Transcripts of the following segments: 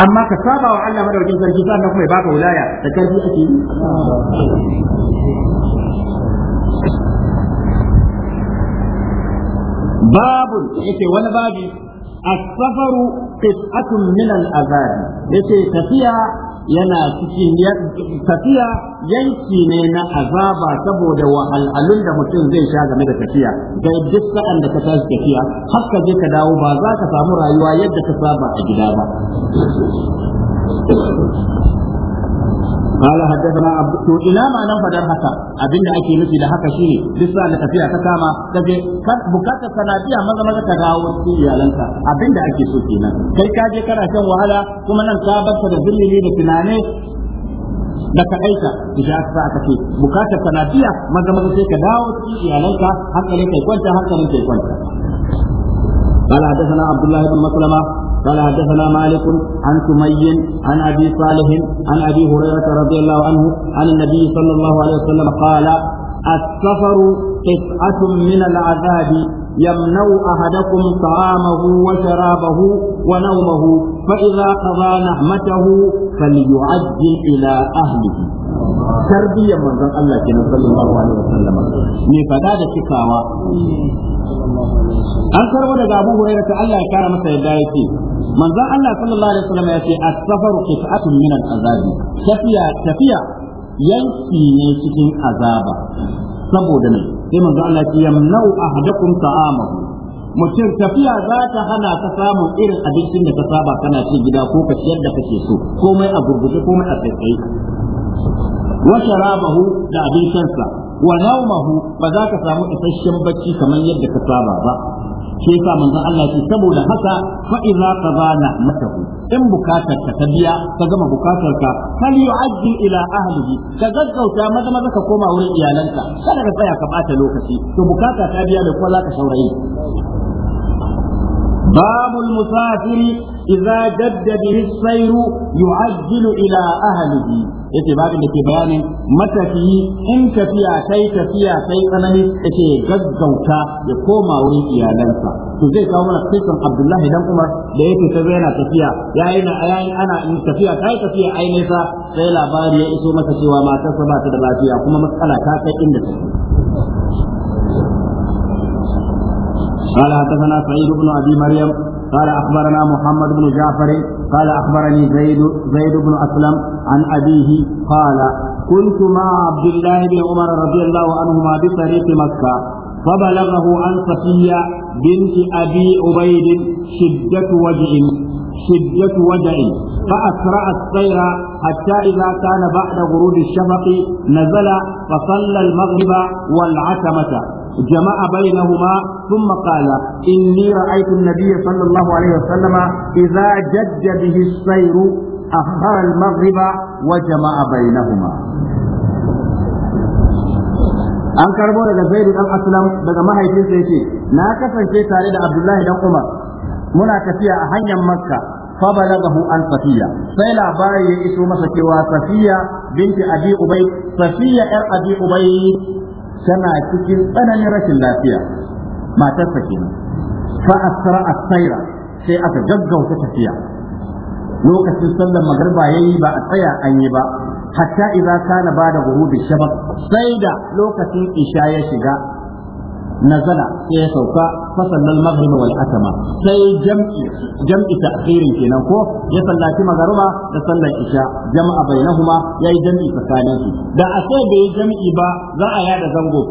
amma ka saba wa Allah madaukin sarki sannan kuma ya baka wilaya da karfi ake yi babu yake wani babi as-safaru qit'atun min al-azab yace tafiya yana cikin tafiya yanki ne na azaba saboda wahalhalun da mutum zai sha game da tafiya ga duk sa'an da ka tashi tafiya har ka je ka dawo ba za ka samu rayuwa yadda ka saba a gida ba قال حدثنا عبد تو ina ma nan fadar haka abinda ake nufi da haka shine duk sa da tafiya ta kama kaje bukata sanadiya maza maza ka dawo cikin iyalanka abinda ake so kenan kai ka je kana shan wahala kuma nan ka barka da zulmi da tunane da ka aika idan aka sa aka ce bukatar sanadiya maza maza sai ka dawo cikin iyalanka hankalin kai kwanta hankalin kai kwanta قال حدثنا عبد الله بن مسلمه قال حدثنا مالك عن سمي عن ابي صالح عن ابي هريره رضي الله عنه عن النبي صلى الله عليه وسلم قال السفر قطعه من العذاب يمنع احدكم طعامه وشرابه ونومه فاذا قضى نعمته فليعجل الى اهله tarbiyyar manzon Allah kenan sallallahu alaihi wasallam ne fada da cikawa an karbo daga Abu Hurairah ta Allah ya kara masa yadda yake manzon Allah sallallahu alaihi wasallam ya ce as-safaru qit'atun min al-azabi tafiya tafiya yanki ne cikin azaba saboda ne sai manzon Allah ya yamna'u ahadakum ta'amahu mutum tafiya za ta hana ka samun irin abincin da ka saba kana ci gida ko ka ciyar da kake so komai a gurguje komai a tsaitsaye wa sharabahu da abin shansa wa naumahu ba za ka samu isasshen bacci kamar yadda ka saba ba shi yasa manzo Allah ce saboda haka fa idza qadana matahu in bukatar ka ta biya ka gama bukatar ka fal yu'ajjil ila ahlihi ka gaggauta maza maza ka koma wurin iyalanka kada ka tsaya ka bata lokaci to bukata ta biya da kuma za ka saurayi babul musafiri idza dadda sairu sayru yu'ajjilu ila ahlihi yace babin da ke bayanin matafiyi in tafiya sai tafiya kai tsanani yace gaggauta ya koma wurin iyalansa to zai kawo mana kisan Abdullahi dan Umar da yake ta yana tafiya yayi na yayi ana in tafiya sai tafiya ai nesa sai labari ya iso masa cewa matarsa ba ta da lafiya kuma matsala ta kai inda take قال حدثنا سعيد بن ابي مريم قال أخبرنا محمد بن جعفر قال أخبرني زيد زيد بن أسلم عن أبيه قال كنت مع عبد الله بن عمر رضي الله عنهما بطريق مكة فبلغه عن صفية بنت أبي عبيد شدة وجع شدة وجع فأسرع السير حتى إذا كان بعد غروب الشفق نزل فصلى المغرب والعتمة جمع بينهما ثم قال إني رأيت النبي صلى الله عليه وسلم إذا جد به السير أخر المغرب وجمع بينهما an karbo daga zaidu dan aslam daga mahaifinsa yace na kasance tare da abdullahi dan umar muna tafiya a hanyar makka fa balagahu an safiya sai labari ya iso masa cewa safiya binti abi ubay safiya yar abi ubay tana cikin tsananin rashin lafiya matarsa ke. fa asra asaira sai aka gaggauta tafiya lokacin sallar magarba yayi ba a tsaya an yi ba hatta idza kana bada ghurubi shabab sai da lokacin isha ya shiga nazala sai ya sauka fa sallal maghrib wal asama sai jam'i jam'i ta'khirin kenan ko ya sallaci magruba da sallar isha jama'a bainahuma yayi jam'i tsakanin da a sai bai jam'i ba za a yada zango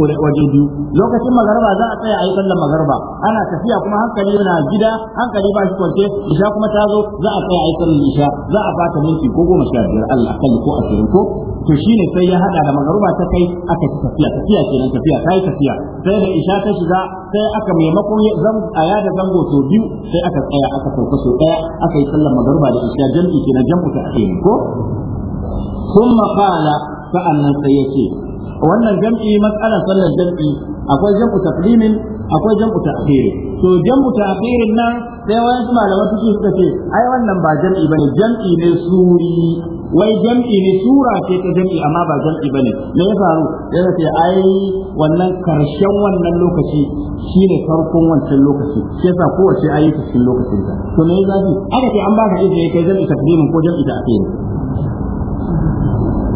waje biyu lokacin magruba za a tsaya ayi sallar ana tafiya kuma hankali yana gida hankali ba shi kwance isha kuma ta zo za a tsaya ayi isha a bata minti ko goma sha biyar Allah ko ko to shine sai ya hada da magruba ta kai aka tafiya tafiya kenan tafiya ta yi tafiya sai da isha ta shiga sai aka maimakon a da zango sau biyu sai aka tsaya aka sauka so ɗaya aka yi sallar magarba da isha jam'i ke na jam'u ta ake ko ثم sa'an nan sai ya ce wannan jam'i matsala sallar jam'i akwai jam'u filimin akwai jam'u ta'khiri to jam'u ta'khirin nan sai wani su malaman suke suka ce ai wannan ba jam'i bane jam'i ne suri wai jam'i ne sura ce ta jam'i amma ba jam'i ba ne. me ya faru ya ce ai wannan karshen wannan lokaci shine farkon wancan lokaci shi yasa kowace ayi cikin lokacin ta to me ya zafi aka ce an baka izini kai jam'i takdimin ko jam'i ta akhiri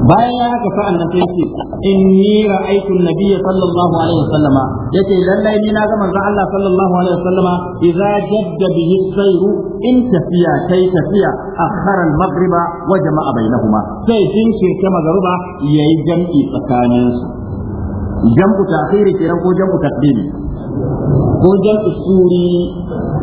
bayan ya haka sa'an nan sai in ni ra'aytu an-nabiyya sallallahu alaihi wasallama yace lallai ni na ga manzon Allah sallallahu alaihi wasallama idza jadda bihi sayru in tafiya kai tafiya akhara al-maghriba wa jama'a bainahuma sai jinkirta magruba yayi jam'i tsakanin su jam'u ta'khiri kiran ko jam'u taqdimi ko jam'u suri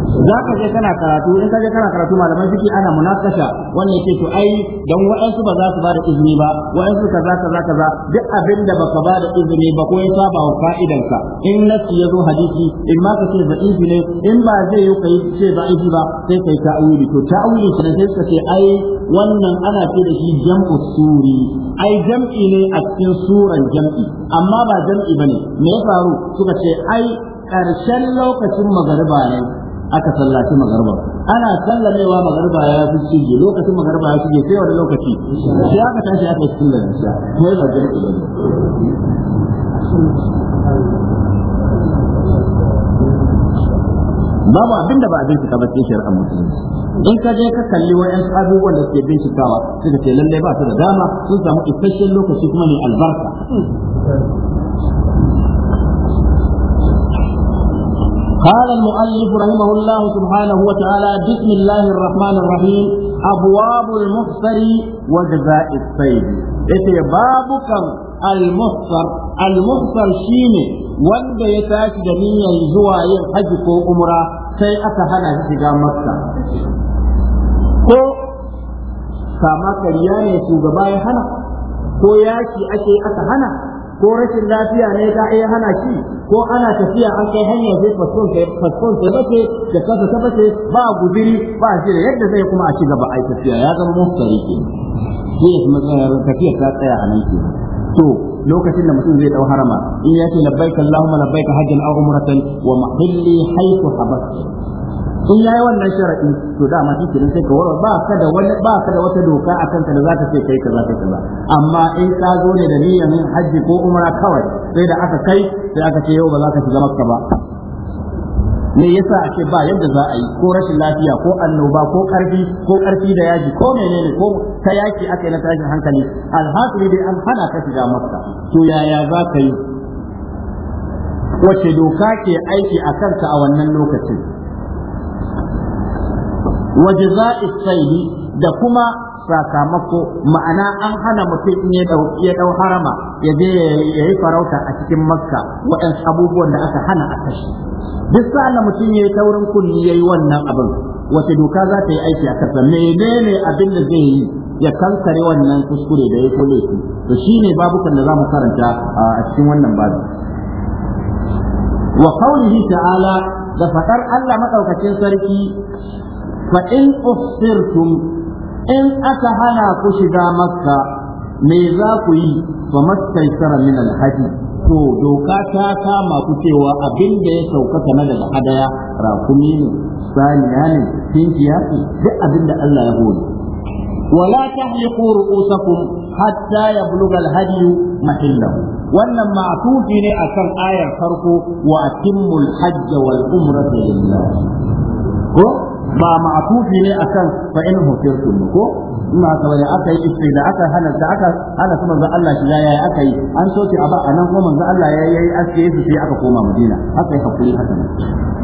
za ka je kana karatu in ka je kana karatu malaman fiki ana munakasha wannan yake to ai dan wa'ansu ba za su bada izini ba wa'ansu za kaza za, duk abin da baka bada izini ba ko ya saba wa fa'idanka in nasi yazo hadisi in ma ka ce da'ifi ne in ba zai yi kai ce da'ifi ba sai kai ta'awili to ta'awili sai sai ka ce ai wannan ana ce da shi jam'u suri ai jam'i ne a cikin suran jam'i amma ba jam'i bane me ya faru suka ce ai karshen lokacin magariba ne aka sallaci magarba ana sallamewa magarba ya fi shige lokacin magarba ya shige sai wani lokaci sai aka tashi aka yi sallar isha ko ya zaje ku bane babu abin da ba a bincika ba cikin shari'ar musulunci in ka je ka kalli wayan abubuwan da suke bincikawa suka ce lallai ba su da dama sun samu isasshen lokaci kuma ne albarka قال المؤلف رحمه الله سبحانه وتعالى بسم الله الرحمن الرحيم أبواب المحصر وجزاء babu kan بابك المحصر المحصر شيني wanda ya tashi da niyyar zuwa yin haji ko umra sai aka hana shiga makka ko kama karya ne shugaba ya hana ko yaki ake aka hana ko rashin lafiya ne ka iya hana shi ko ana tafiya an kai hanyar zai fasfon sai faskon sai bace da kansa ta bace ba guduri ba shi da yadda zai kuma a ci gaba ai tafiya ya zama muftari ke shi ne matsalar tafiya ta tsaya a nan ke to lokacin da mutum zai dau harama in ya ce labbaik allahumma labbaik hajjan aw umratan wa mahalli haythu habasta in yi wannan sharaɗi to da masu kenan sai ka warwa ba ka da wata doka a kanka da zaka ka kai za kai ba. amma in ka zo ne da niyyar hajji ko umra kawai sai da aka kai sai aka ce yau ba za ka shiga makka ba me yasa a ce ba yadda za a yi ko rashin lafiya ko annoba ko karfi ko karfi da yaji ko menene ko ta yaki aka yi na tashin hankali alhasili dai an hana ka shiga maka to yaya za ka yi wace doka ke aiki a kanka a wannan lokacin waje jaza'i sayyi da kuma sakamako ma'ana an hana mutum in ya dauki dau harama ya je ya yi farauta a cikin makka waɗansu abubuwan da aka hana a kashi duk sa'an da mutum ya yi taurin kunni ya yi wannan abin wace doka za ta yi aiki a kasa menene abin da zai yi ya kankare wannan kuskure da ya kule shi to shine babukan da za mu karanta a cikin wannan babu wa qawlihi ta'ala da faɗar Allah maɗaukacin sarki fa in ufsirtum in aka hana ku shiga makka me za ku yi fa mastaisara min alhaji to doka ta kama ku cewa abin da ya saukaka na daga hadaya rakumi ne saniya ne tinkiya ne duk abin da Allah ya hori wala tahliqu ru'usakum hatta يبلغ الهدي mahallahu wannan ma'tufi ne akan ayar farko wa atimul hajja wal umrata lillah ko ba ma'tufi ne akan fa in hutirtum ko ina ka bane aka yi istida aka halalta aka hana su manzo Allah shi yayi aka yi an soke a ba anan kuma manzo Allah yayi yayi aske su sai aka koma Madina aka yi hakuri haka ne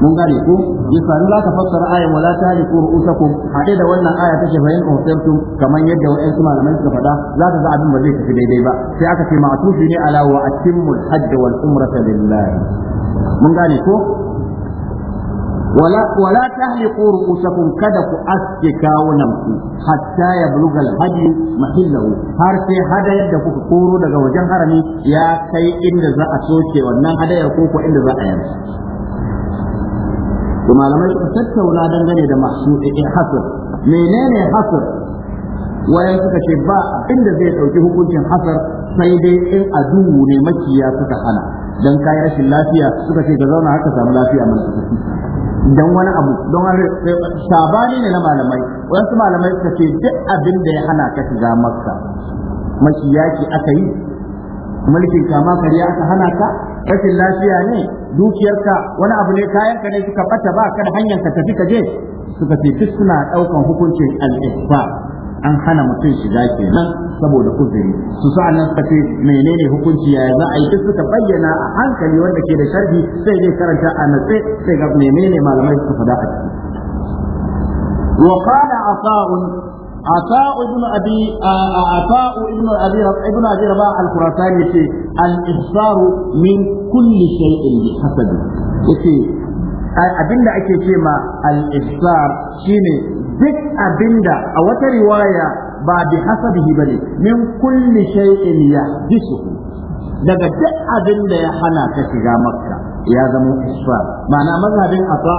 mun gane ko yasa ni za ka fassara ayan wala tahliku ru'usakum hade da wannan aya take fa in hutirtum kaman yadda wa'ansu malamai suka faɗa za ka ga abin ba zai tafi daidai ba sai aka ce ma'tufi ne ala wa atimul hajj wal umrata lillah mun gane ko wala wala tahliqu ru'usakum kada ku aske kawunan ku hatta ya buluga alhadi har sai hadayar da kuka koro daga wajen harami ya kai inda za a soke wannan hadayar ko ko inda za a yanka malamai suka tattauna dangane da mahsudi hasr menene hasr wayan suka ce ba inda zai dauki hukuncin hasar sai dai in aduwu ne makiya suka hana dan kai rashin lafiya suka ce ka zauna haka samu lafiya mana don wani abu don sabani ne na malamai wasu malamai suka ce duk abin da ya hana ka shiga makka mashi yaki aka yi mulkin kama kariya aka hana ka rashin lafiya ne dukiyarka wani abu ne kayan ka ne suka bata ba kada hanyar ka tafi ka je suka ce duk suna daukan hukuncin al an hana mutum shiga kenan saboda uzuri su sa nan suka ce menene hukunci yaya za a yi duk suka bayyana a hankali wanda ke da sharhi sai zai karanta a natse sai ga menene malamai suka faɗa a ciki وقال عطاء Asaun ابن ابي عطاء ابن ابي ابن ابي رباح الخراساني يقول الاحصار من كل شيء بحسبه يقول abin da ake ce ma al-ihsar shine duk abinda a wata riwaya ba bi hasabihi bane min kulli shay'in yahdisuhu daga duk abinda ya hana ka shiga makka ya zama isra ma'ana mazhabin asa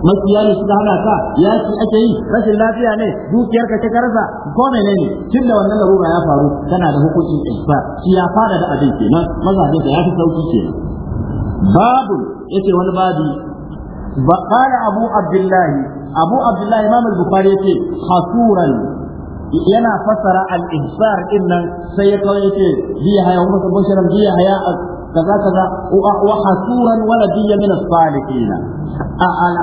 makiya ne shiga hana ka ya ci ake yi rashin lafiya ne dukiyar ka ta karasa ko menene ne tun da wannan larura ya faru tana da hukuncin isra shi ya fara da abin kenan mazhabin da ya fi sauki kenan babu yace wani babu. قال أبو عبد الله abu abdullahi imam al-bukhari yace yana fassara al ɗinnan sai ya kawai yace bi haya umma sabon sharam bi haya kaza kaza wa hasuran wala biya min as-salihin al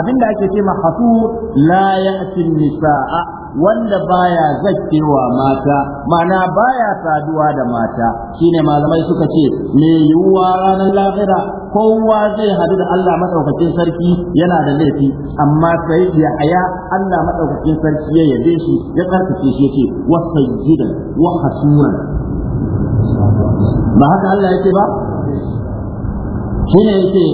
abinda ake ce ma hasur la nisaa wanda baya zakkewa mata mana baya saduwa da mata shine malamai suka ce me yiwuwa ranar lahira kowa zai hadu da Allah madaukakin sarki yana da laifi amma sai ya haya Allah madaukakin sarki ya yabe shi ya karkace shi yake wa wa hasuran ba haka Allah yake ba shine yake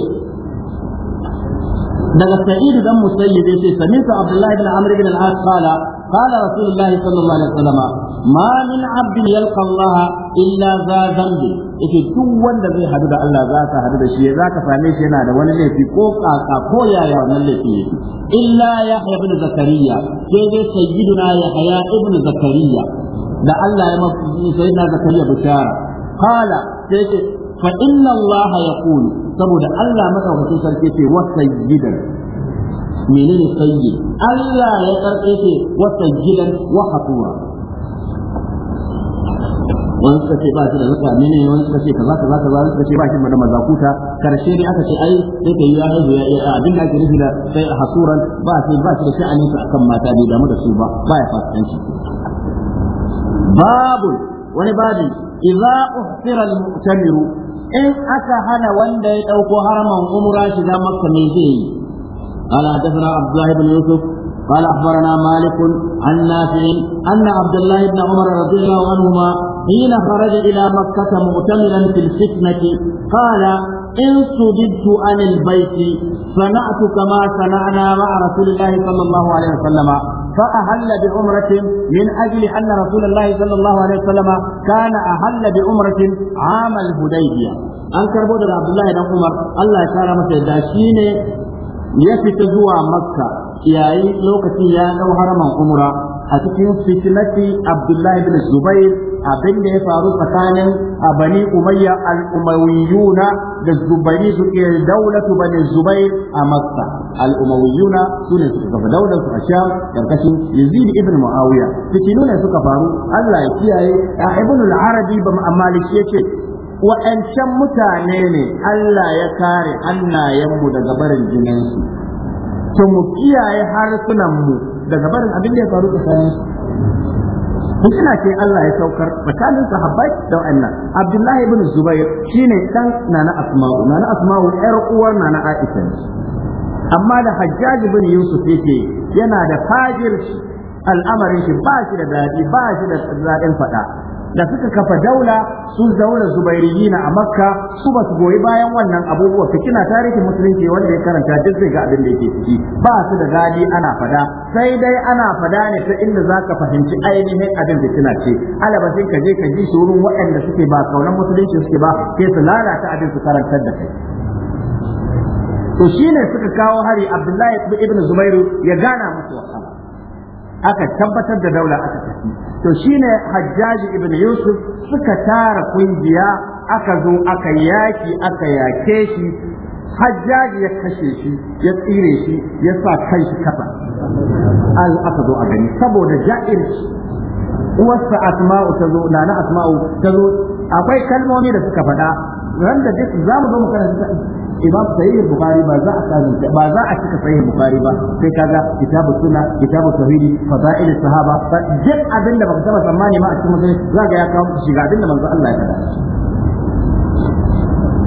daga sa'id dan musayyib yace sami'tu abdullah ibn amr ibn al-as qala qala rasulullah sallallahu alaihi wasallam ma min abdin yalqa allah illa za dhanbi yace duk wanda zai hadu da Allah za ka hadu da shi za ka same shi yana da wani laifi ko kaka ko yaya wannan laifi yake illa yahya ibn zakariya sai dai sayyiduna yahya ibn zakariya da Allah ya mafi sayyidina zakariya bishara qala sai ce fa inna allah yaqulu saboda Allah madaukakin sarki ce wa gidan, menene sayyid Allah ya karbe ce wa sayyidan wa hatura wani suka ce ba shi da zaka ne wani suka ce kaza kaza kaza wani suka ce ba shi da maza kuta, karshe ne aka ce ai sai ka yi ya haihu ya iya abin da ake nufi da sai hasuran ba shi ba shi da sha'anin sa akan mata bai damu da su ba ba ya fasikanci babu wani babi idza uhtira al-mu'tamiru in aka hana wanda ya ɗauko haraman umra shiga makka me zai yi قال حدثنا عبد الله بن يوسف قال اخبرنا مالك عن نافع ان عبد الله بن عمر رضي الله عنهما حين خرج الى مكه مؤتمرا في الفتنه قال ان صددت عن البيت صنعت كما صنعنا مع رسول الله صلى الله عليه وسلم فأهل بعمرة من أجل أن رسول الله صلى الله عليه وسلم كان أهل بعمرة عام الهديبية أن كربو عبد الله بن عمر الله تعالى مثل شيني يفتزوا مكة yayin lokacin ya dau haraman umra a cikin fitnati Abdullahi bin Zubair abin da ya faru tsakanin Bani Umayya al-Umayyuna da Zubairi suke daulatu Bani Zubair a Makka al-Umayyuna sune suka kafa daular su a Sham karkashin Yazid ibn Muawiya fitinu ne suka faru Allah ya kiyaye Ibn al-Arabi ba Maliki yace wa'ancan mutane ne Allah ya kare hannayenmu daga barin jininsu, to mu kiyaye harsunanmu daga barin abin da ya faru tsakanin hikima ce Allah ya saukar misalin sahabbai da wannan Abdullahi ibn Zubair shine dan nana Asma'u nana Asma'u yar uwar nana Aisha amma da Hajjaj ibn Yusuf yake yana da fajir al'amarin shi ba shi da daɗi ba shi da daɗin faɗa da suka kafa daula su daula zubairiyin a makka su ba su goyi bayan wannan abubuwa fitina tarihin musulunci wanda ya karanta duk zai ga abin da yake ciki ba su da gadi ana fada sai dai ana fada ne ta inda za ka fahimci ainihin abin kina ce alabashin ka je ka ji su wurin waɗanda suke ba kaunan musulunci suke ba sai su lalata abin su karantar da kai to shine suka kawo hari Abdullahi ibn Zubairu ya gana musu wannan aka tabbatar da daula aka tafi to shine hajjaji ibn yusuf suka tara kungiya aka zo aka yaki aka yake shi hajjaji ya kashe shi ya tsire shi ya sa kai shi kafa al aka zo a gani saboda ja'ir uwarsa asma'u ta zo nana asma'u ta zo akwai kalmomi da suka faɗa ran da duk za mu zo mu karanta imam sahih bukhari ba za a kazanta ba za a cika sahih bukhari ba sai kaga kitabu sunna kitabu tauhidi fadail sahaba duk abin da baka taba tsammani ma a cikin mutane, za ga ya kawo shiga abin da manzo Allah ya kada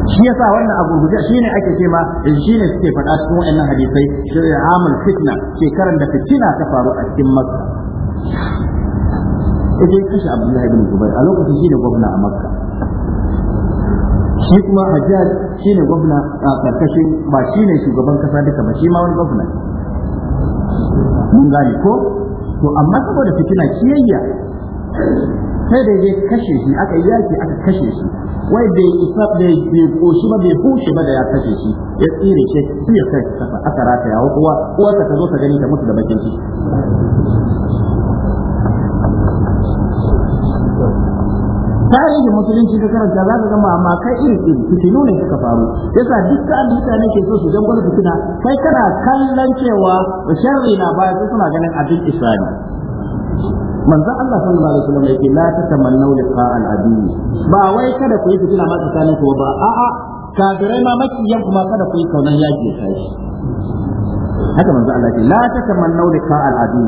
shi yasa wannan abu guda shine ake ce ma shine suke faɗa cikin wayannan hadisai shirin amul fitna shekaran da fitina ta faru a cikin makka sai kashe abdullahi bin zubair a lokacin shi ne gwamna a makka shi kuma hajjaj shi ne gwamna a karkashin ba shi ne shugaban kasa duka ba shi ma wani gwamna mun gane ko to amma saboda fitina kiyayya sai da ya kashe shi aka yi yaki aka kashe shi wai bai isa bai bai koshi ba bai bushe ba da ya kashe shi ya tsire shi sai ya kai kafa aka rataya ya uwa uwa ta zo ta gani ta mutu da bakin ciki tarihin musulunci ka karanta za ka gama amma kai iri iri fitinu ne suka faru yasa duka mutane ke so su gwada fitina kai kana kallon cewa sharri na baya sai suna ganin abin islami manzo Allah sallallahu alaihi wasallam yake la tatamannu liqa al-adu ba wai kada ku yi fitina ma tsakanin ku ba a'a kafirai ma yan kuma kada ku yi kaunan yaki ya kai haka manzo Allah yake la tatamannu liqa al-adu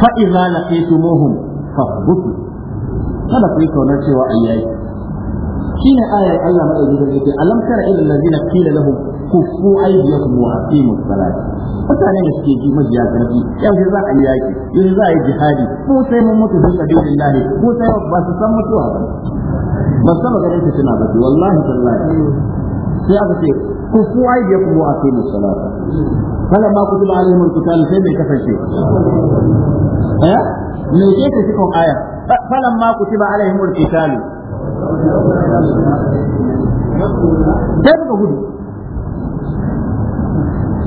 fa idza laqitumuhum fahbutu kada ku yi kaunar cewa an yayi shine ayar Allah madaukakin yake alam tara ilal ladina qila lahum kufu aydiyakum wa aqimus salat mutane da suke ji majiya karfi yau za a yi yaki yau za a yi jihadi ko sai mun mutu fi ne. ko sai ba su san mutuwa ba ba san ta tuna ba wallahi tallahi sai aka ce kufu aydiyakum wa aqimus salat kana ma kutiba alaihimul qital sai mai kasance eh me yake cikin ayar falamma kutiba alaihimul qitalu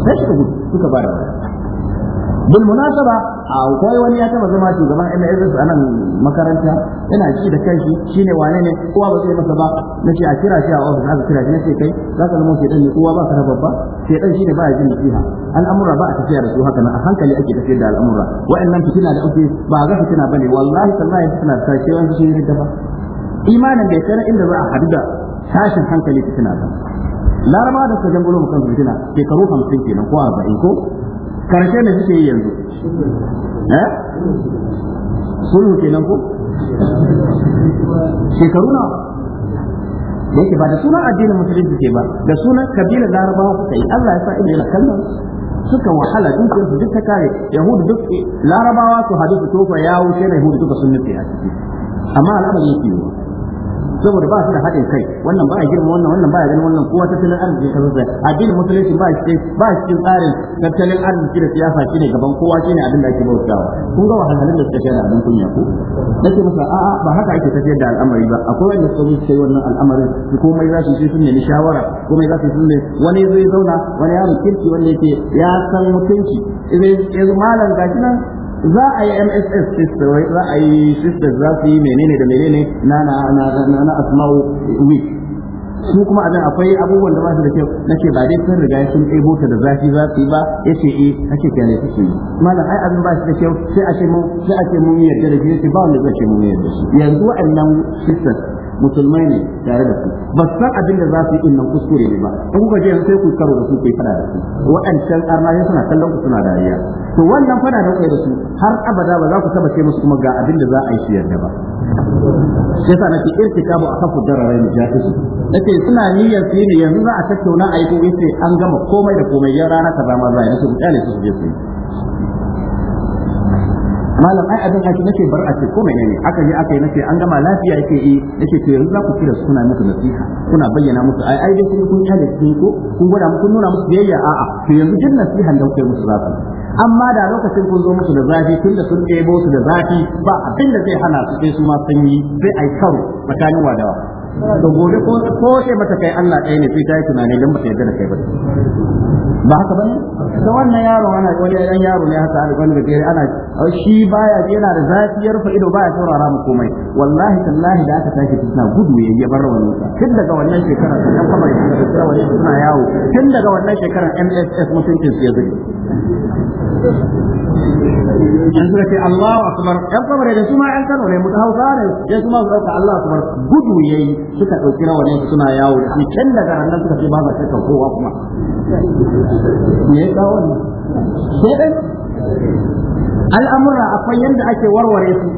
sai suka bil munasaba akwai wani ya taba zama shugaban MSS a nan makaranta yana ci da kanshi shine wane ne kowa ba zai masa ba nace a kira shi a office aka kira shi nace kai za ka zama shedan ne kowa ba ka babba shedan shine ba ya jin nasiha al'amura ba a tafiya da su a hankali ake tafiyar da al'amura wa'annan fitina da ake ba ga fitina bane wallahi tallahi fitina ta ce wani shi ne dafa imanin bai kai inda za hadu da tashin hankali fitina ba laraba da suka jangulo mu kan fitina shekaru 50 kenan ko ko karshe da suke yi yanzu eh sulhu kenan ko shekaru na yake ba da sunan addinin musulunci ke ba da sunan kabilar larabawa suka yi Allah ya sa ina yana kallon suka wahala dukiyar su duk ta kare yahudu duk larabawa su hadu su tofa yawo sai na yahudu duka sun nufi a ciki amma al'amari yake yiwa saboda ba su da haɗin kai wannan ba ya girma wannan wannan ba ya ganin wannan kowa tattalin arziki ka zai addinin musulunci ba shi ba shi cikin tsarin tattalin arziki da siyasa shi ne gaban kowa shi ne abin da ake bautawa kun ga wahalhalun da suka shayar abin kunya ku? Na nake masa a'a ba haka ake tafiyar da al'amari ba akwai wanda suka yi sai wannan al'amarin su komai za su yi sun nemi shawara komai za su yi sun ne wani zai zauna wani ya kirki wanda yake ya san mutunci zai zama gashi nan za a yi MSS sister wai za a yi sister za su yi menene da menene na na na na na asma'u week su kuma a akwai abubuwan da ba su da kyau na ce ba dai sun riga sun ɗebo ta da zafi za su yi ba yace eh ake kyale su yi malam ai abin ba shi da kyau sai a ce mun sai a ce mun yarda da shi yace ba wanda zai ce mun yarda yanzu wa'annan sisters musulmai ne tare da su ba san abin da za su yi din nan kuskure ne ba in kuka je sai ku karo da su ku fada da su waɗancan arnaye suna kallon ku suna dariya to wannan fada da kai da su har abada ba za ku taba ce musu kuma ga abin da za a yi shi yarda ba shi yasa nake a akhafu dararai mujahid nake suna niyyar su ne yanzu za a tattauna a yi ko an gama komai da komai ya rana kaza ma za a yi su ku kyale su je su yi malam ai abin ake nake bar a ce ko menene aka yi aka yi nake an gama lafiya yake yi nake ce yanzu za ku kira suna muku nasiha kuna bayyana musu ai ai dai kun kun su ko kun gwada kun nuna musu a a'a to yanzu din nasihan da kuke musu za su amma da lokacin kun zo musu da zafi tun da sun ɗebo su da zafi ba abin da zai hana su sai su ma sun yi sai ai karo tsakanin wadawa to gobe ko ko ce mata kai Allah ɗaya ne sai ta yi tunani dan bata yarda da kai ba ba haka bane da wannan yaro ana wani ɗan yaro ne haka wani gajere ana shi baya yana da zafi ya rufe ido baya saurara mu komai wallahi tallahi da aka tashi suna gudu ya ya bar wani tun daga wannan shekarar da kan kamar suna yawo tun daga wannan shekarar MSS mutuncin su ya zuri in suka ce Allahu akbar ɗan kabar da su ma ɗan Kano ne mutu Hausa ne sai su ma su ɗauka Allahu akbar gudu yayi suka ɗauki rawanin su suna yawo da shi can daga nan suka ce ba za su kowa kuma me ya kawo ne sai al'amura akwai yadda ake warware su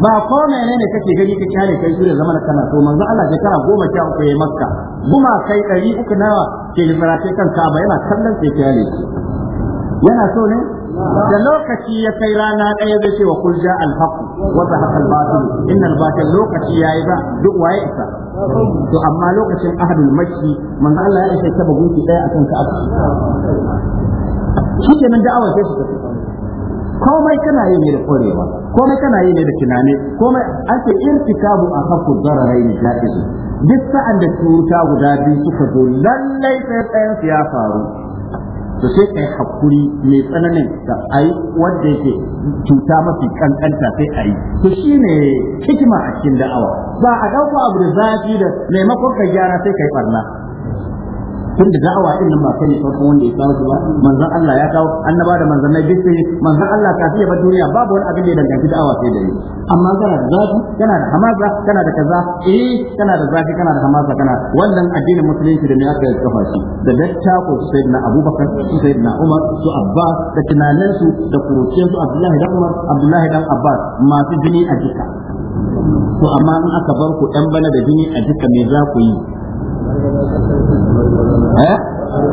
ba ko ne kake gani ka kyale kai su da zaman kana so manzo Allah shekara goma sha uku ya makka guma kai ɗari uku nawa ke lissarafe kan kaba yana kallon sai kyale shi yana so ne da lokaci ya kai rana ɗaya zai ce wa kul ja al haqq wa zahaqa al batil innal batil lokaci yayi ba duk waye isa to amma lokacin ahadul makki manzo Allah ya isa taba gunki ɗaya akan ka abu shi kenan da'awar sai su tafi komai kana yi ne da korewa komai kana yi ne da tunani komai an ce irtikabu a haku dararai ne ja'izu duk sa'an da tuta guda biyu suka zo lallai sai tsayan su ya faru to sai kai hakuri mai tsananin da ai wanda yake cuta mafi kankanta sai ai to shine hikima a cikin da'awa ba a dauko abu da zafi da maimakon ka gyara sai kai barna tun da da'awa din nan ba kai ne farkon wanda ya kawo su ba manzon Allah ya kawo annaba da manzon na bisu manzon Allah kafin ya bar duniya babu wani abin da ya danganci da'awa sai da ni amma kana da zafi kana da hamaza, kana da kaza eh kana da zafi kana da hamaza, kana wannan addinin musulunci da ne aka kafa shi da dacca ko sayyidina Abubakar sayyidina Umar su Abbas da tunanin su da kuruciyar su Abdullahi Dan Umar Abdullahi dan Abbas masu jini a jika to amma in aka bar ku dan bana da jini a jika me za ku yi Eh?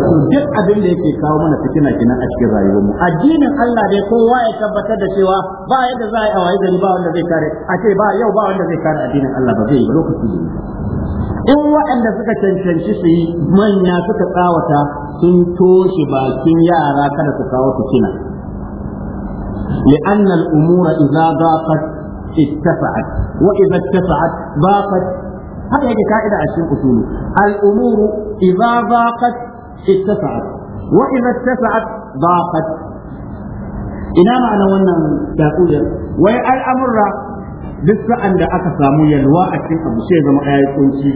duk abin da yake kawo mana fitina kenan a cikin rayuwar mu addinin Allah dai kowa ya tabbatar da cewa ba yadda za a yi a waye gari ba wanda zai kare a ce ba yau ba wanda zai kare addinin Allah ba zai yi lokaci ne in waɗanda suka cancanci su yi manya suka tsawata sun toshe bakin yara kada su kawo fitina لأن الأمور إذا ضاقت اتسعت وإذا اتسعت ضاقت haka yake ka'ida a cikin usulu al-umuru idza daqat ittasa'at wa idza ittasa'at daqat ina ma'ana wannan takuliyar wai al'amurra duk sa'an da aka samu yalwa a cikin abu sai zama ɗaya kunci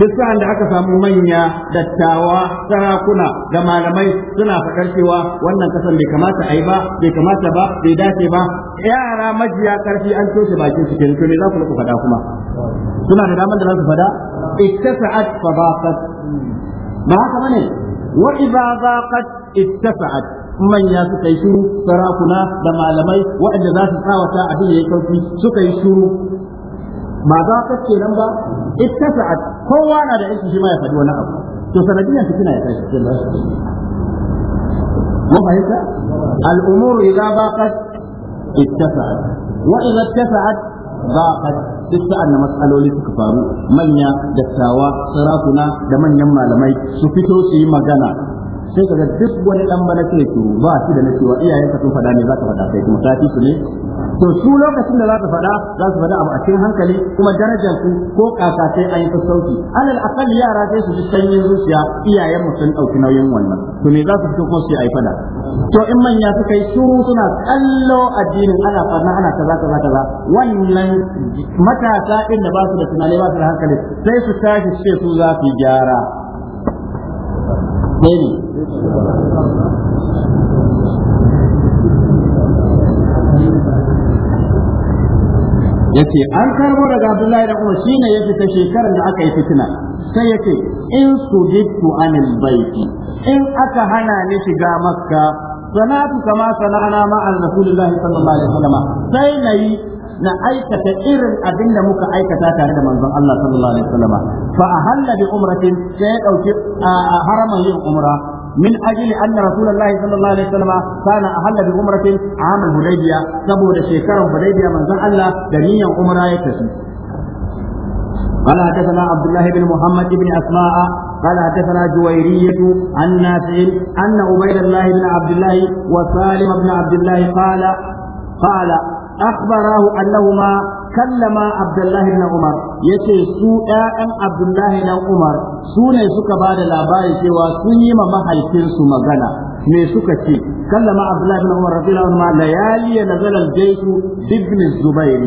duk sa'an da aka samu manya dattawa sarakuna da malamai suna faɗar cewa wannan kasan bai kamata a yi ba bai dace ba yara majiya karfi an toshe bakin su kenan to me za ku faɗa kuma suna da damar da za su fada ittasa'at fadaqat ba haka bane wa idza zaqat ittasa'at manya suka yi shuru sarakuna da malamai waɗanda za su tsawata abin da ya kauki suka yi shuru ba za ka ce nan ba ittasa'at kowa na da aiki shi ma ya faɗi wani abu to sanadiyan fitina ya tashi cikin rashi mun fahimta al'umuru idza baqat ittasa'at wa idza ittasa'at baqat duk sa'an na matsaloli suka faru manya dattawa sarakuna da manyan malamai su fito su yi magana sai kaga duk wani dan bana sai ba shi da na cewa iyayen ka sun faɗa ne ka faɗa kai kuma kafi su ne to su lokacin da za su faɗa za su faɗa abu a cikin hankali kuma darajar su ko kaka sai an yi sassauci alal aqal yara sai su ji sanyin zuciya iyayen mu sun dauki nauyin wannan to me za su fito ko su yi faɗa. to in manya suka yi shuru suna kallo addinin ana farna ana kaza kaza kaza wannan matasa din da ba su da tunani ba su da hankali sai su tashi ce su za su gyara yace an karbo daga Abdullahi da Umar shine ya fita shekarar da aka yi fitina sai yace in subitu anil baiti in aka hana ni shiga makka sanatu kama sana'ana ma'al rasulullahi sallallahu alaihi wasallam sai nayi na aikata irin abin da muka aikata tare da manzon Allah sallallahu alaihi wasallam fa ahalla bi umratin sai dauki haraman yin umra من أجل أن رسول الله صلى الله عليه وسلم كان أهل بعمرة عام الهديبية سبو شيكرا هديبية من زعل الله دنيا عمرة يكتسب قال حدثنا عبد الله بن محمد بن أسماء قال حدثنا جويرية عن نافع أن عبيد الله بن عبد الله وسالم بن عبد الله قال قال أخبراه أنهما kallama abdullahi na umar ce su ɗayan abdullahi na umar su ne suka ba da labari cewa sun yi ma mahaifinsu magana me suka ce kallama abdullahi na umar radiyallahu anhu layali ya nazala al-jaysu ibn zubair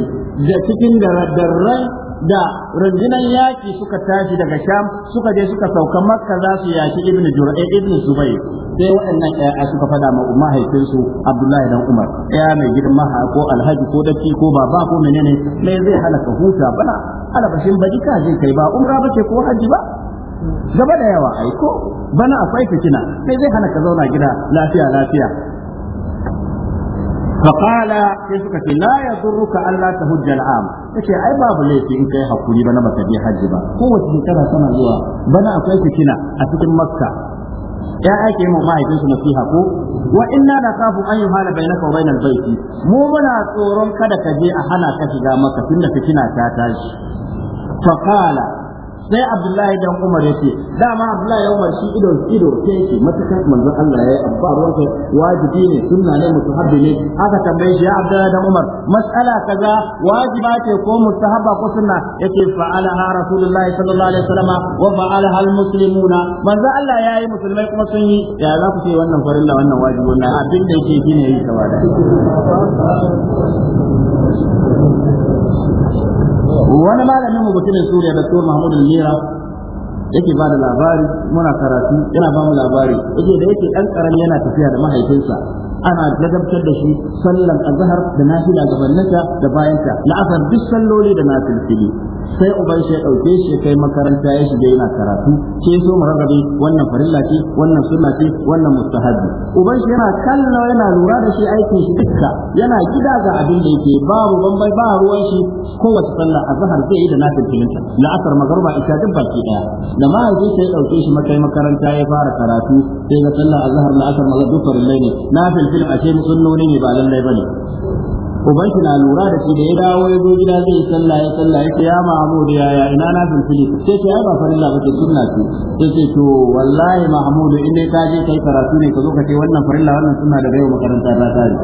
da cikin darren da rundunar yaki suka tashi daga sham suka je suka sauka makka za su yaki ibn jura'i sai waɗannan ƴaƴa suka fada ma mahaifinsu Abdullahi dan Umar ya mai girma ha ko alhaji ko daki ko baba ko menene me zai halaka huta bana alabashin baji ka je kai ba umra bace ko haji ba gaba da yawa ai ko bana akwai fitina sai zai hana ka zauna gida lafiya lafiya فقال كيفك لا يضرك الا تهج العام kace ai babu laifi in kai hakuri bana baka je hajji ba kowace shekara sana zuwa bana akwai fitina a cikin makka ya ake mu mahaifinsu nasiha ko wa inna da kafin an yuhala bainaka wa bainal baiti mu muna tsoron kada ka je a hana ka shiga maka da fitina ta tashi fa sai abdullahi dan umar ya ce dama abdullahi dan umar shi ido ido ke yake matukar manzon Allah ya yi abba ruwan kai wajibi ne sunna ne mustahabbi ne aka tambaye shi ya abdullahi dan umar mas'ala kaza wajiba ce ko mustahabba ko sunna yace fa'alaha rasulullahi sallallahu alaihi wasallam wa fa'alaha almuslimuna manzon Allah ya yi musulmai kuma sun yi ya za ku ce wannan farilla wannan wajibi wannan abin da yake shine yi saboda wani malamin mu mutumin Suriya da Sur Mahmud Al-Mira yake ba da labari muna karatu yana ba mu labari yake da yake dan karami yana tafiya da mahaifinsa ana ladabtar da shi sallan azhar da nafila gabaninta da bayanta la'asar duk salloli da nafilfili sai uban shi ya dauke shi kai makaranta ya shiga yana karatu ke so mu rarrabe wannan farilla ce wannan sunna ce wannan mustahabi uban shi yana kallo yana lura da shi aikin shi duka yana gida ga abin da yake babu bambai ba ruwan shi kowace sallah azhar zai yi da nafil filinta la'asar magruba isha duk baki daya da ma yaje sai ya dauke shi makai makaranta ya fara karatu sai ga sallah azhar la'asar magruba duk farillai ne nafil fil ashe sunnoni ne ba lallai bane uban shi na lura da shi da ya dawo ya zo gida zai sallah ya sallah ya ce ya mahmud ya ya ina na filfili sai ce ai ba farilla ba ce sunna ce sai ce to wallahi mahmud in dai ka je kai karatu ne ka zo ka ce wannan farilla wannan sunna da bai makaranta ta tare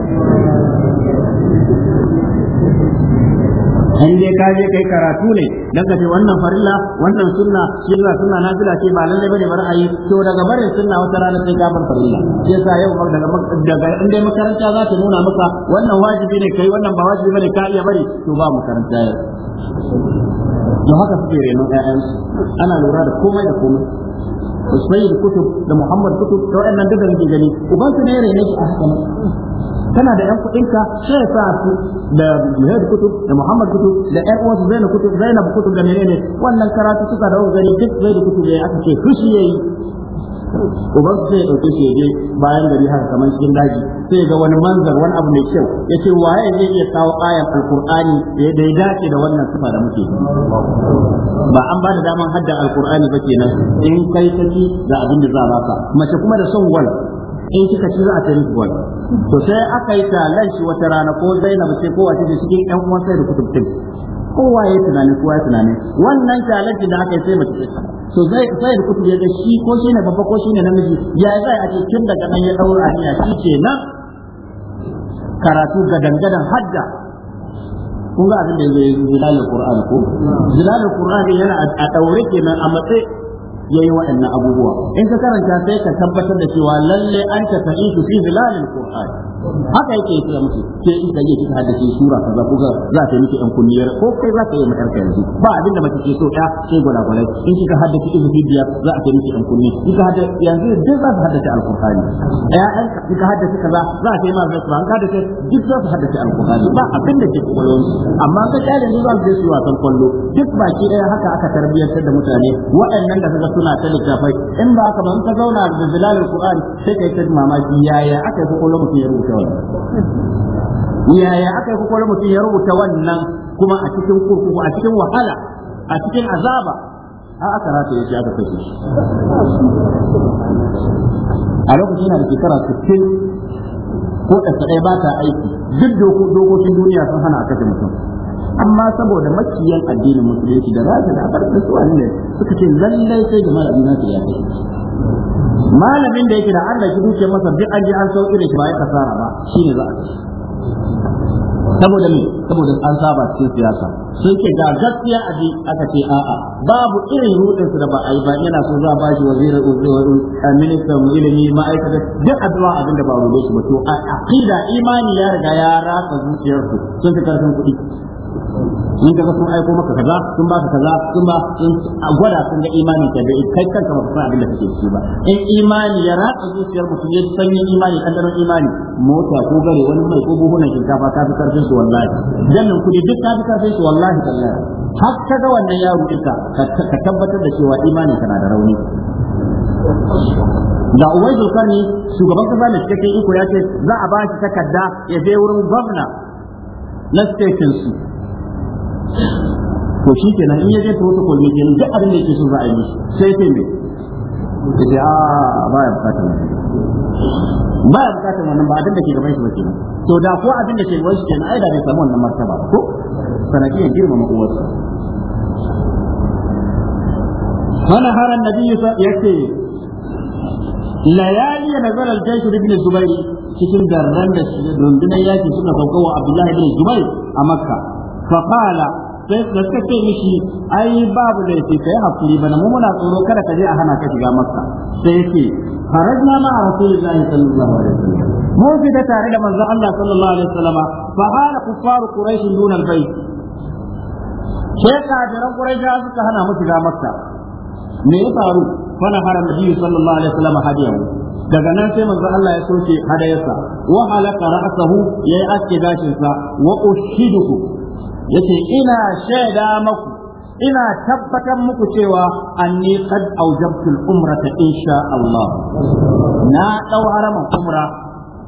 in dai ka je kai karatu ne dan ka ce wannan farilla wannan sunna shi ba sunna na nafila ce ba lalle bane bar ayi to daga barin sunna wata rana sai ka bar farilla sai sa yau daga daga in dai makaranta za ta nuna maka wannan wajibi ne kai wannan ba wajibi bane ka iya bari to ba makaranta yau don haka suke renon ƴaƴan ana lura da komai da komai usmai da Kutub da Muhammad Kutub da waɗannan da nake gani uban su ne rene su a haka kana da yan ka sai ya sa su da Muhammad Kutub da Muhammad Kutub da ƴan uwansu Zainab Kutub Zainab Kutub da menene wannan karatu suka da gari duk Zainab Kutub ya aka ce fushi yayi uban sai ya dauke shi ya je bayan gari haka kamar cikin daji sai ga wani manzar wani abu mai kyau ya ce waye zai iya kawo ayan alkur'ani da ya dace da wannan sifa da muke ba an ba da daman hadda alkur'ani ba kenan in kai kaki ga abin da za a baka mace kuma da son wani. in kika ci za a tayi kuwa to sai aka yi talan shi wata rana ko Zainab ce ko a cikin cikin 'yan uwan sai da kutubtin kowa ya tunani kowa ya tunani wannan talan da aka yi sai mace ce to zai sai da kutub ya ga shi ko shi ne babba ko shi ne namiji ya zai a cikin tun daga nan ya daura hanya shi ce na karatu ga dangadan hadda kun ga abin da ya zai zilalul qur'an ko zilalul qur'an yana a daure kenan a matsayi ya waɗannan abubuwa in ka karanta sai ka tabbatar da cewa lalle an ta fi ko qur'ani haka yake yake musu ke in ka yake ta haddace sura kaza ko ga za ta miki yan kunniyar ko kai za ka yi maka yanzu ba abin da mace ke so ta sai gwada gwada in kika haddace izu biya za a ta miki yan kunni kika haddace yanzu duk za su haddace alqur'ani an kika haddace kaza za a ta yi ma za su ka haddace duk za su haddace alqur'ani ba abin da ke kwakwalwar amma ka kare ne za su je su wasan kwallo duk ba baki ɗaya haka aka tarbiyyantar da mutane waɗannan da kaga suna ta littafai in ba haka ba in ka zauna da zilalul qur'ani sai kai ta mamaki yaya aka yi kwakwalwar mutum ya rubuta yaya aka yi kwakwalwar mutum ya rubuta wannan kuma a cikin kurkuku a cikin wahala a cikin azaba a aka rata ya ji aka kashe shi a lokacin yana da shekara 60 ko ɗansa ba ta aiki duk dokokin duniya sun hana a kashe mutum amma saboda makiyan addinin musulunci da rasa da abarta su ne suka ce lallai sai jama'a abin nasu ya kashe malamin da yake da Allah ki duke masa duk an je an sauki da shi ba ya kasara ba shine za a ci saboda me saboda an saba cikin siyasa sun ce ga gaskiya a ji aka ce a'a babu irin rudin su da ba a yi ba yana so za a bashi wazirin eh, ministan ilimi ma'aikata duk addu'a abin da ba rudo su ba to a aqida imani ya riga ya rasa zuciyarsu sun fi karfin kuɗi in kaga sun aiko maka kaza sun baka kaza sun ba sun gwada sun ga imani ke da kai kanka ba san abin da kake ciki ba in imani ya ratsa zuciyar mutum ya san yin imani kaddaran imani mota ko gare wani mai ko buhunan shinkafa ka fi karfin su wallahi jannan kudi duk ka fi karfin su wallahi tallahi har ka ga wannan yaro duka ka tabbatar da cewa imani kana na da rauni da uwaizul karni shugaban kasa ne cikakken iko ya ce za a ba shi takarda ya je wurin gwamna na station su to shi kenan in ya protocol ne kenan duk abin da yake so za a yi sai sai me yace a ah, ba ya bukata ba ya bukata ne ba abin da ke gaban shi ba kenan to da ko abin da ke gaban shi kenan ai da bai samu wannan martaba ko sanadiyar girmama uwarsa hana haran nabi yace layali nazar al-jaysh ibn zubayr cikin garran da rundunar yaki suka sauka wa abdullahi ibn zubayr a makka faqala sai da suka ce mishi ai babu da yake kai hakuri bana mu muna tsoro kada ka je a hana ka shiga makka sai yake kharajna ma rasulillahi sallallahu alaihi wasallam mu fita tare da manzo Allah sallallahu alaihi wasallam fa hala kuffaru quraish dun albayt sai kafiran quraish suka hana mu shiga makka me ya faru fa na haram nabi sallallahu alaihi wasallam hadiyahu daga nan sai manzo Allah ya soke hadayarsa wa halaka ra'sahu yayi aske gashin sa wa ushiduhu yace ina shaida maku ina tabbatar muku cewa anni qad awjabtu al-umrata insha Allah na dau haramin umra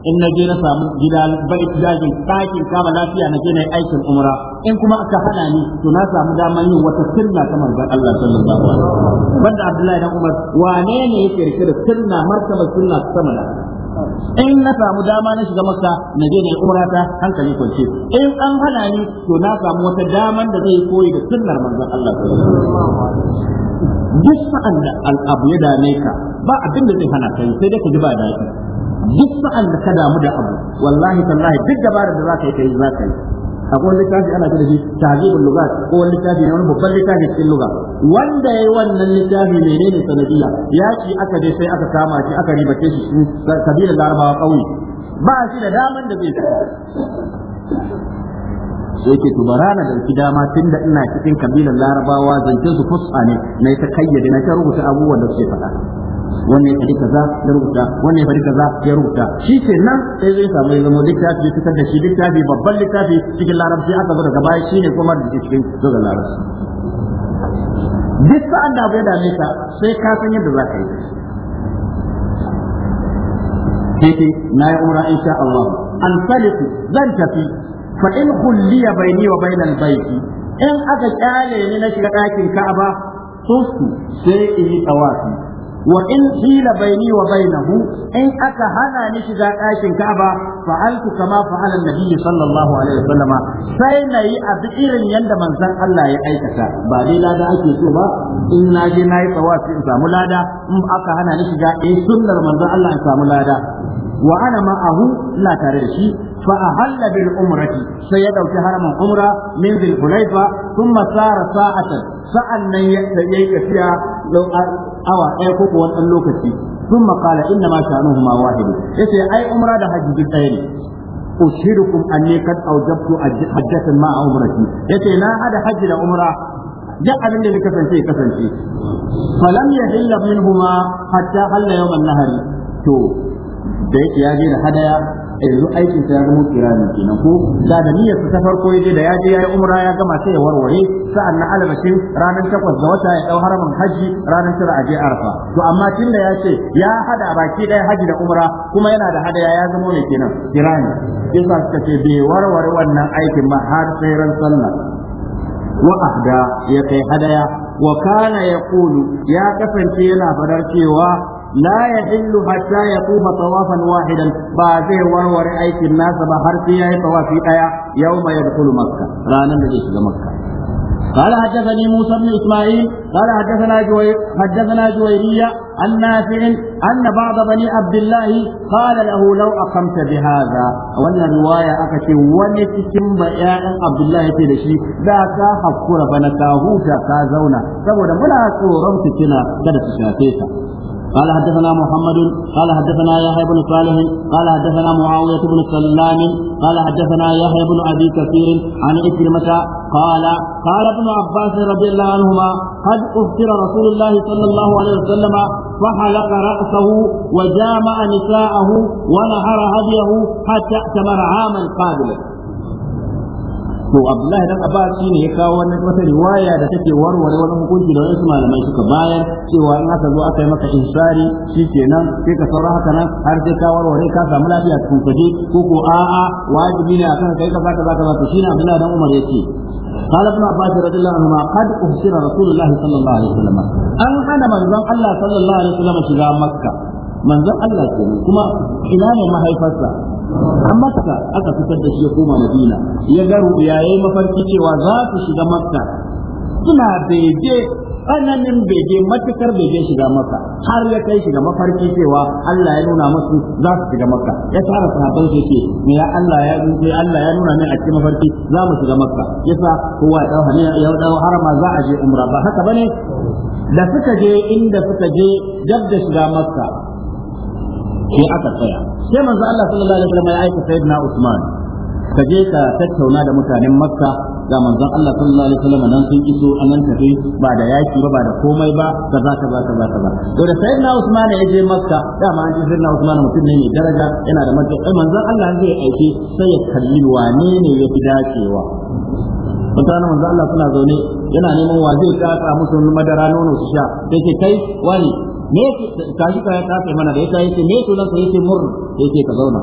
in na je na samu gida bait dajin ɗakin kama lafiya na je na aikin umra in kuma aka hana ni to na samu damar yin wata sunna ta manzon Allah sallallahu alaihi wasallam banda Abdullahi dan Umar wane ne yake rike da sunna martaba sunna sama da in na samu dama na shiga makka na je na yi ta hankali kwance in an hana ni to na samu wata daman da zai koyi da sunnar manzon Allah duk sa'an da al'abu ya dame ka ba abin da zai hana kai sai dai ka ji ba daɗi duk sa'an da ka damu da abu wallahi tallahi duk dabarar da za ka yi kai za ka akwai wani littafi ana da shi tahzibul lugat ko wani littafi ne wani babban littafi cikin lugha wanda yayi wannan littafi menene sanadiya ya ci aka je sai aka kama shi aka ribace shi kabilar larabawa kauye ba shi da daman da zai sai yake to bara da dauki dama tunda ina cikin kabilar larabawa zancen su fusa ne na ta kayyade na ta rubuta abubuwan da suke faɗa wannan ya faɗi kaza ya rubuta wannan ya faɗi kaza ya rubuta shi ke nan sai zai samu ya zama littafi ya fitar da shi littafi babban littafi cikin larabci aka zo daga baya ne kuma da cikin zo ga larabci duk sa'an da abu ya dame ka sai ka san yadda za ka yi sai na yi umra insha Allah an saliku zan tafi fa in kulliya baini wa bainal baiti in aka kyale ni na shiga ɗakin Ka'aba sosu sai in yi tawafi wa in hila baini wa bainahu in aka hana ni shiga ɗakin Ka'aba fa'altu kama fa'ala Nabi sallallahu alaihi wasallama sai nayi abu irin yanda manzon Allah ya aikata ba dai lada ake so ba in na je nayi in samu lada in aka hana ni shiga eh sunnar manzon Allah in samu lada wa ana ma'ahu la tare da shi fa ahalla bil umrati sai ya dauki haramin umra min zil hulaifa thumma sara sa'atan sa'annan ya tafiya awa ɗaya ko kuwa ɗan lokaci sun makala inna ma sha'anuhu ma wahidu yace ai umra da hajji duk ɗaya ne ushirukum anni kad awjabtu hajjatan ma umrati yace na hada hajji da umra duk abin da kasance ya kasance falam yahilla minhuma hatta halla yawm nahari to da yake ya je da hadaya Eh, yanzu aikin ya zama kirani kenan ko da da niyyar ta farko yaje da yaje yayi umra ya gama sai ya warware sa'an na alabashin ranar takwas da wata ya dau haramin haji ranar a aje arfa to amma da ya ce ya hada baki ɗaya haji da umra kuma yana da hadaya ya zama ne kenan kirani sai sa suka ce bai warware wannan aikin ma har sai ran sallah wa ahda ya kai hadaya wa kana yaqulu ya kasance yana fadar cewa لا يحل حتى يطوف طوافا واحدا بعد ورور أيك الناس بحرسية طواف آية يوم يدخل مكة رانا بديش مكة قال حدثني موسى بن اسماعيل قال حدثنا جوير حدثنا جويرية عن نافع أن بعض بني عبد الله قال له لو أقمت بهذا وأن الرواية أكتي ونتكم بياء عبد الله تلشي لا تحفر فنتاهوك كازونا سبودا ملا سورم تتنا كدس شاتيتا قال حدثنا محمد قال حدثنا يحيى بن صالح قال حدثنا معاوية بن سلام قال حدثنا يحيى بن أبي كثير عن إكرمة قال قال ابن عباس رضي الله عنهما قد أفطر رسول الله صلى الله عليه وسلم فحلق رأسه وجامع نساءه ونهر هديه حتى اعتمر عاما قابلا to abdullahi dan abbas shine ya kawo wannan wata riwaya da take warware wani hukunci da wasu malamai suka bayar cewa in aka zo aka yi maka insari shikenan sai ka sarra haka nan har sai ka warware ka samu lafiya cikin kaje ko ko a'a wajibi ne akan kai ka zaka zaka zaka shine abdullahi dan umar yace قال ابن عباس رضي الله عنهما قد أهسر رسول الله صلى الله عليه وسلم أن أنا من الله صلى الله عليه وسلم shiga مكة manzon Allah ke kuma ina ne mahaifarsa an makka aka fitar da shi ya koma madina ya ga ya yi mafarki cewa za su shiga makka suna beje, tsananin beje, matukar beje shiga makka har ya kai shiga mafarki cewa Allah ya nuna masu za su shiga makka ya tsara sahabban su ce me ya Allah ya nuna Allah ya nuna min a cikin mafarki za mu shiga makka yasa kowa ya dauka ya dauka harama za a je umra ba haka bane da suka je inda suka je dab da shiga makka sai aka tsaya sai manzo Allah sallallahu alaihi wasallam ya aika sayyidina Usman ka je ka tattauna da mutanen Makka ga manzon Allah sallallahu alaihi wasallam nan sun iso an nan tafi ba da yaki ba ba da komai ba kaza kaza kaza kaza to da sayyidina Usman ya je Makka dama an ji sayyidina Usman mutum ne mai daraja yana da matsayi manzon Allah zai aike sai ya kalli wane ne ya fi dacewa mutane manzo Allah suna zaune yana neman wa zai kasa musu madara nono su sha sai ce kai wani me yake tashi ka ta sai mana da yasa yake me sunan ka yake mur yake ka zauna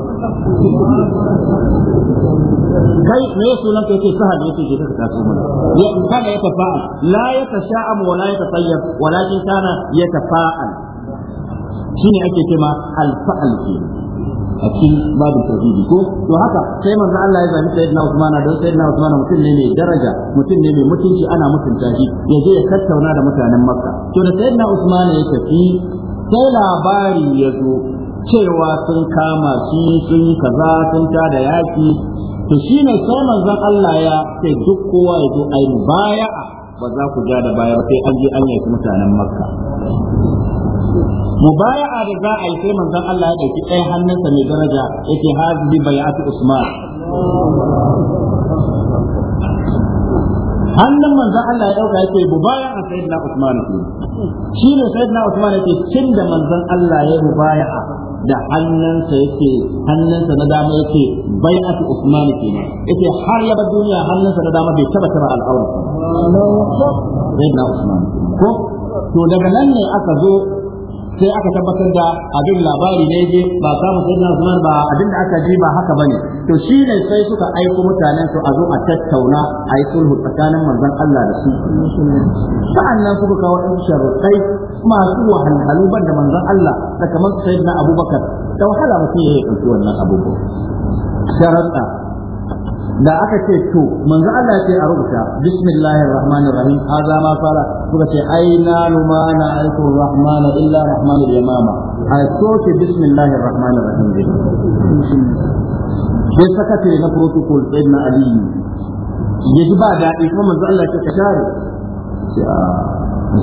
kai me sunan ka yake sahal yake ke ka taso mana ya kana ya tafa'al la ya tasha'am wa la ya tatayyab walakin kana ya tafa'al shine ake cewa al-fa'al kenan a cikin babu tauhidi ko to haka sai manzo Allah ya zabi sayyidina Usman da sayyidina Usman mutum ne mai daraja mutum ne mai mutunci ana mutunta shi ya je ya tattauna da mutanen Makka to da sayyidina Usman ya tafi sai labari ya zo cewa sun kama shi sun yi kaza sun ta da yaki to shine sai manzon Allah ya ce duk kowa ya zo ayi baya'a ba za ku ja da baya ba sai an je an yaki mutanen Makka mubaya'a da za a yi sai manzon Allah ya dauki ɗaya hannunsa mai daraja yake hazibi bai'atu Usman hannun manzon Allah ya dauka yake mubaya'a sayyidina Usman shi ne sayyidina Usman yake cin da manzon Allah ya mubaya'a da hannunsa yake hannunsa na dama yake bai'atu Usman kenan yake har ya bar duniya hannunsa na dama bai taba taba al'aura sayyidina Usman ko to daga nan ne aka zo sai aka tabbatar da abin labari ne je ba samu sai na Usman ba abin da aka ji ba haka bane to shi ne sai suka aiko mutanen su a zo a tattauna a yi sulhu tsakanin manzon Allah da su sa'annan suka kawo ɗan sharuɗai masu wahalhalu banda manzon Allah da kamar sayyidina Abubakar da wahala mutum ya yi wannan abubuwa da aka ce to manzo Allah ce a rubuta bismillahir rahmanir rahim haza ma fara suka ce aina lumana aiku rahman illa rahmanul yamama a soke bismillahir rahmanir rahim dai sai sakatare na protocol sai na aliyu ya ba daɗi kuma manzo Allah ce ka share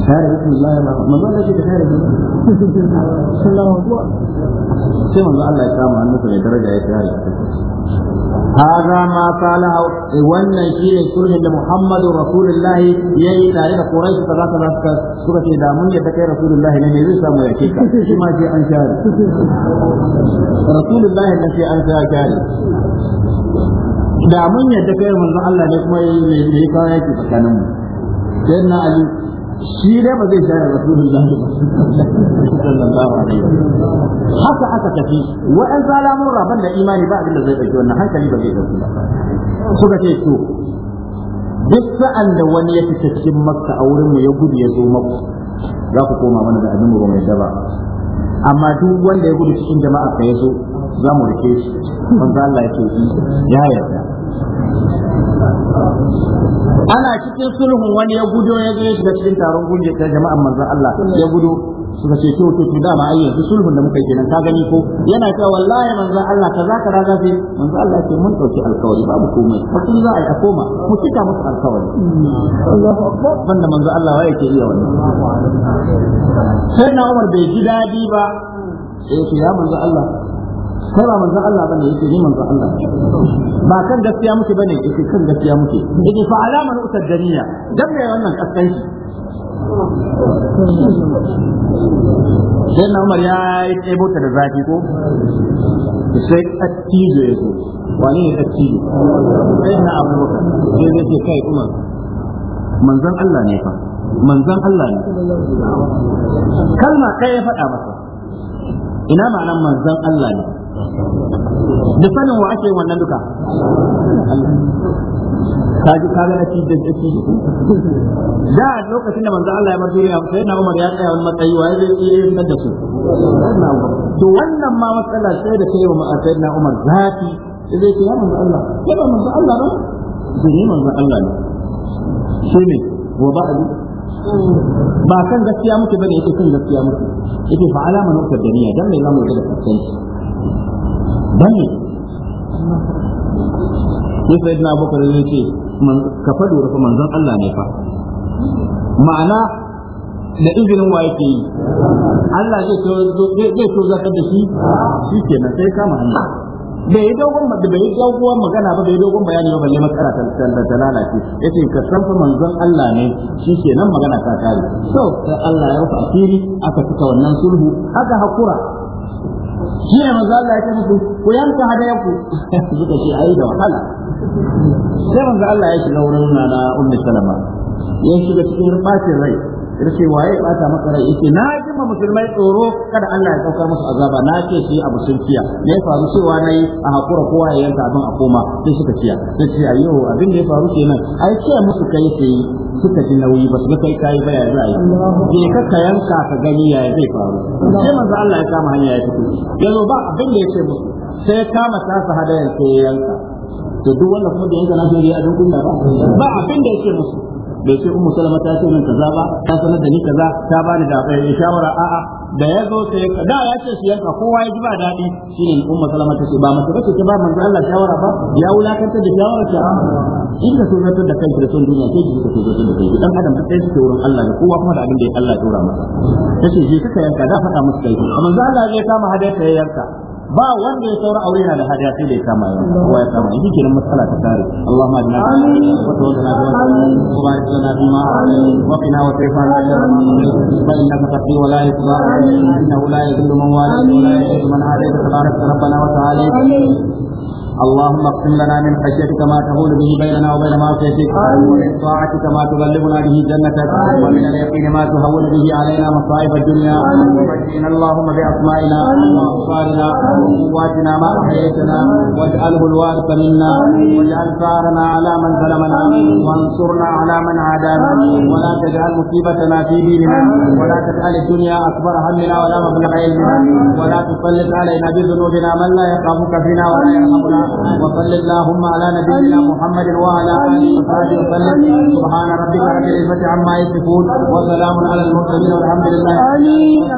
share da kuma zai ba manzo sallallahu alaihi wa sai manzo Allah ya هذا ما قاله wannan shine sulhin da Muhammadu Rasulullahi yayi tare da Quraysh da zaka zaka suka ce da mun yadda kai Rasulullahi ne zai samu yake ka shi an share Rasulullahi ne sai an share da mun yadda kai Allah shi ne ba zai shayar da rasulullah sallallahu alaihi haka haka tafi wa'an salamun rabban da imani ba abin da zai dauki wannan hankali ba zai dauki suka ce to duk sa'an da wani ya fita cikin makka a wurinmu ya gudu ya zo makka za ku koma mana da abin mu mai daba amma duk wanda ya gudu cikin jama'a ka ya zo za mu rike shi manzo Allah yake yi ya yarda ana cikin sulhun wani ya gudo ya zo ya shiga cikin taron kungiyar ta jama'an manzon Allah ya gudo suka ce to to dama ai yanzu sulhun da muka yi kenan ka gani ko yana cewa wallahi manzon Allah za ka raga su manzon Allah ce mun dauki alkawari babu komai fatin za a yi a koma mu cika musu alkawari Allahu akbar banda manzon Allah wa yake iya wannan sai na Umar bai ji dadi ba sai ya manzon Allah sai ba manzon Allah bane yake ni manzon Allah ba kan gaskiya muke bane yake kan gaskiya muke yake fa alaman utar dariya dan me wannan kaskanci sai Umar ya yi tsebo ta da zafi ko sai attijo ya zo wani ne attijo sai na Abu Bakar sai zai ce kai Umar manzon Allah ne fa manzon Allah ne kalma kai ya faɗa masa ina ma'anar manzon Allah ne da sanin wa ake wannan duka ka ji ka gana cikin da ci da lokacin da manzo Allah ya bar duniya sai na Umar ya tsaya wani matsayi wa zai iya yin da su to wannan ma matsala sai da kai wa ma'asai na Umar zafi zai ce ya manzo Allah ya ba manzo Allah ba zai manzo Allah ne shi ne wa ba'du ba kan gaskiya muke bane yake kan gaskiya muke yake fa alama na nukar duniya dan me zamu ga da kasance bane sai sai na abu ne ce ka fado rufa manzon Allah ne fa ma'ana da izinin wa yake yi Allah zai so zai to zaka da shi shi ke na sai kama hannu. bai yi dogon da bai yi dogon magana ba bai yi dogon bayani ba balle matsala ta ta lalace yace ka san fa manzon Allah ne shi ke nan magana ta kare so sai Allah ya rufa asiri aka fita wannan sulhu aka hakura shi ne manzo Allah ya ce musu ku yanka hadayanku suka ce ai da wahala sai manzo Allah ya shiga wurin nana ummi salama ya shiga cikin rubacin rai ya ce waye bata maka rai yace na ji ma musulmai tsoro kada Allah ya sauka musu azaba na ce shi abu sun fiya ne faru cewa nayi a hakura kowa ya yanka abin a koma sai suka fiya sai ce ayo abin da ya faru kenan ai ce musu kai sai suka ji nauyi ba su ga kai kai ba ya za a yi je ka ka yanka ka gani ya zai faru sai manzo Allah ya kama hanya ya fito yanzu ba abin da yake musu sai ya kama tasa hadayar sai ya yanka to duk wanda kuma da yanka na zuriya don kunna ba ba abin da yake musu bai ce ummu salama ta ce min kaza ba ta sanar da ni kaza ta ba ni da eh, shawara a'a da ya zo sai ka da ya ce shi yanka kowa ya ji ba daɗi shine ummu salama ta ce ba mace bace ta ba manzo Allah shawara ba ya wulakanta da shawara ta in ka sunatar da kanki da son duniya sai ki ka sunatar da kanki dan adam kai suke wurin Allah ne kowa kuma da abin da Allah ya tura masa tace je kaka yanka da faɗa musu kai amma zalla zai kama hadaya ta yanka ba wanda ya saura aure na da hadiya sai da ya kama ya kowa ya kama yake kenan matsala ta tare Allahumma wa wa wa wa wa la la man wa la man tabarak rabbana wa ta'ala اللهم اقسم لنا من خشيتك ما تهول به بيننا وبين معصيتك ومن طاعتك ما تبلغنا به جنتك ومن اليقين ما تهون به علينا مصائب الدنيا ومجدنا اللهم باسمائنا وابصارنا وقواتنا ما احييتنا واجعله الوارث منا واجعل ثارنا على من ظلمنا وانصرنا على من عادانا ولا تجعل مصيبتنا في ديننا ولا تجعل الدنيا اكبر همنا ولا مبلغ علمنا ولا تسلط علينا بذنوبنا من لا يخافك فينا ولا يرحمنا وصل اللهم على نبينا محمد وعلى اله وصحبه وسلم سبحان ربك رب العزه عما يصفون وسلام على المرسلين والحمد لله